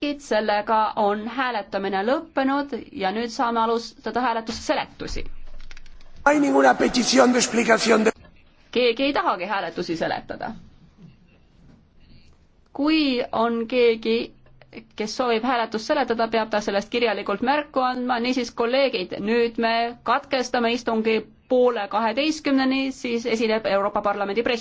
kolleegid, sellega on hääletamine lõppenud ja nüüd saame alustada hääletuse seletusi. keegi ei tahagi hääletusi seletada. kui on keegi, kes soovib hääletust seletada, peab ta sellest kirjalikult märku andma, niisiis kolleegid, nüüd me katkestame istungi poole kaheteistkümneni, siis esineb Euroopa Parlamendi president.